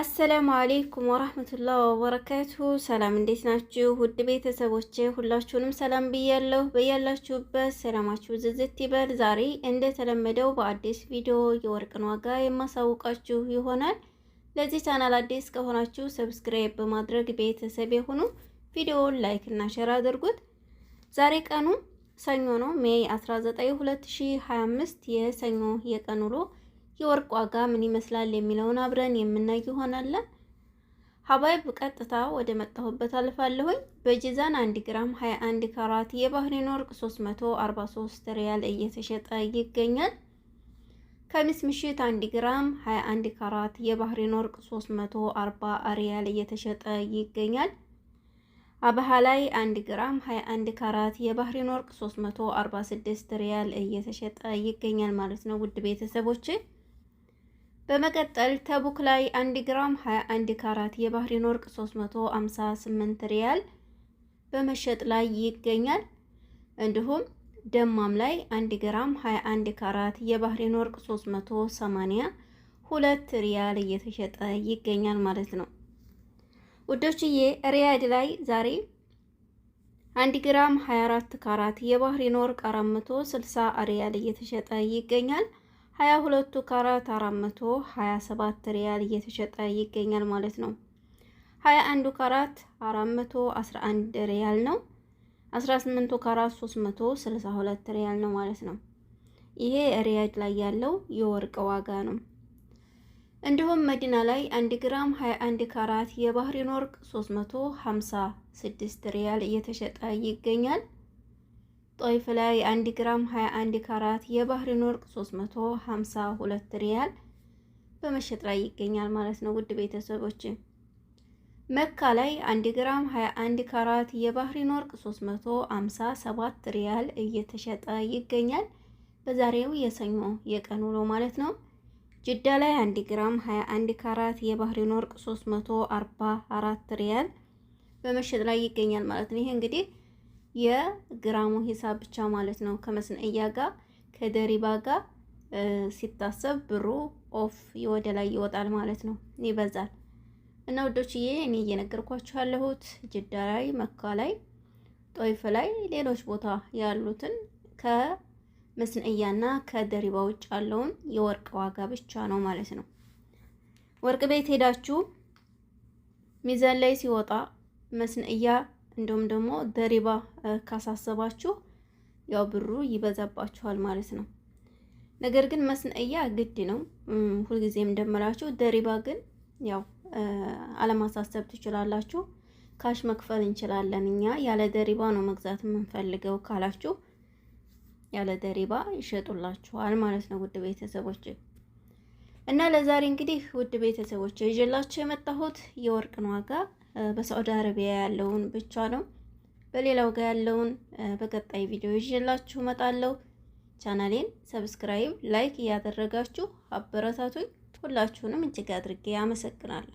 አሰላሙ አሌይኩም ወራህመቱላህ ወበረካቱ። ሰላም እንዴት ናችሁ? ውድ ቤተሰቦቼ ሁላችሁንም ሰላም ብያለሁ። በያላችሁበት ሰላማችሁ ዝዝት ይበል። ዛሬ እንደተለመደው በአዲስ ቪዲዮ የወርቅን ዋጋ የማሳውቃችሁ ይሆናል። ለዚህ ቻናል አዲስ ከሆናችሁ ሰብስክራይብ በማድረግ ቤተሰብ የሆኑ ቪዲዮውን ላይክ እና ሼር አድርጉት። ዛሬ ቀኑ ሰኞ ነው፣ ሜይ 19 2025 የሰኞ የቀን ውሎ የወርቅ ዋጋ ምን ይመስላል የሚለውን አብረን የምናይ ይሆናል። ሀባይ በቀጥታ ወደ መጣሁበት አልፋለሁኝ። በጂዛን 1 ግራም 21 ካራት የባህሪን ወርቅ 343 ሪያል እየተሸጠ ይገኛል። ከሚስ ምሽት 1 ግራም 21 ካራት የባህሪን ወርቅ 340 ሪያል እየተሸጠ ይገኛል። አበሃ ላይ 1 ግራም 21 ካራት የባህሪን ወርቅ 346 ሪያል እየተሸጠ ይገኛል ማለት ነው ውድ ቤተሰቦች በመቀጠል ተቡክ ላይ 1 ግራም 21 ካራት የባህሬን ወርቅ 358 ሪያል በመሸጥ ላይ ይገኛል። እንዲሁም ደማም ላይ 1 ግራም 21 ካራት የባህሬን ወርቅ 382 ሪያል እየተሸጠ ይገኛል ማለት ነው። ውዶችዬ ሪያድ ላይ ዛሬ 1 ግራም 24 ካራት የባህሬን ወርቅ 460 ሪያል እየተሸጠ ይገኛል። ሀያ ሁለቱ ካራት አራት መቶ ሀያ ሰባት ሪያል እየተሸጠ ይገኛል ማለት ነው። ሀያ አንዱ ካራት አራት መቶ አስራ አንድ ሪያል ነው። አስራ ስምንቱ ካራት ሶስት መቶ ስልሳ ሁለት ሪያል ነው ማለት ነው። ይሄ ሪያድ ላይ ያለው የወርቅ ዋጋ ነው። እንዲሁም መዲና ላይ 1 ግራም 21 ካራት የባህሪን ወርቅ 356 ሪያል እየተሸጠ ይገኛል። ጦይፍ ላይ 1 ግራም 21 ካራት የባህሪን ወርቅ 352 ሪያል በመሸጥ ላይ ይገኛል ማለት ነው። ውድ ቤተሰቦች መካ ላይ 1 ግራም 21 ካራት የባህሪን ወርቅ 357 ሪያል እየተሸጠ ይገኛል በዛሬው የሰኞ የቀን ውሎ ማለት ነው። ጅዳ ላይ 1 ግራም 21 ካራት የባህሪን ወርቅ 344 ሪያል በመሸጥ ላይ ይገኛል ማለት ነው። ይሄ እንግዲህ የግራሙ ሂሳብ ብቻ ማለት ነው። ከመስነእያ ጋር ከደሪባ ጋር ሲታሰብ ብሩ ኦፍ ወደ ላይ ይወጣል ማለት ነው፣ ይበዛል። እና ውዶችዬ እኔ እየነገርኳችሁ ያለሁት ጅዳ ላይ፣ መካ ላይ፣ ጦይፍ ላይ፣ ሌሎች ቦታ ያሉትን ከመስነእያና ከደሪባ ውጭ ያለውን የወርቅ ዋጋ ብቻ ነው ማለት ነው። ወርቅ ቤት ሄዳችሁ ሚዛን ላይ ሲወጣ መስነእያ እንዲሁም ደግሞ ደሪባ ካሳሰባችሁ ያው ብሩ ይበዛባችኋል ማለት ነው። ነገር ግን መስነእያ ግድ ነው ሁልጊዜም እንደምላችሁ። ደሪባ ግን ያው አለማሳሰብ ትችላላችሁ። ካሽ መክፈል እንችላለን እኛ ያለ ደሪባ ነው መግዛት የምንፈልገው ካላችሁ ያለ ደሪባ ይሸጡላችኋል ማለት ነው ውድ ቤተሰቦች። እና ለዛሬ እንግዲህ ውድ ቤተሰቦች ይዤላችሁ የመጣሁት የወርቅን ዋጋ በሳዑዲ አረቢያ ያለውን ብቻ ነው። በሌላው ጋር ያለውን በቀጣይ ቪዲዮ ይዤላችሁ እመጣለሁ። ቻናሌን ሰብስክራይብ፣ ላይክ እያደረጋችሁ አበረታቱኝ። ሁላችሁንም እጅግ አድርጌ አመሰግናለሁ።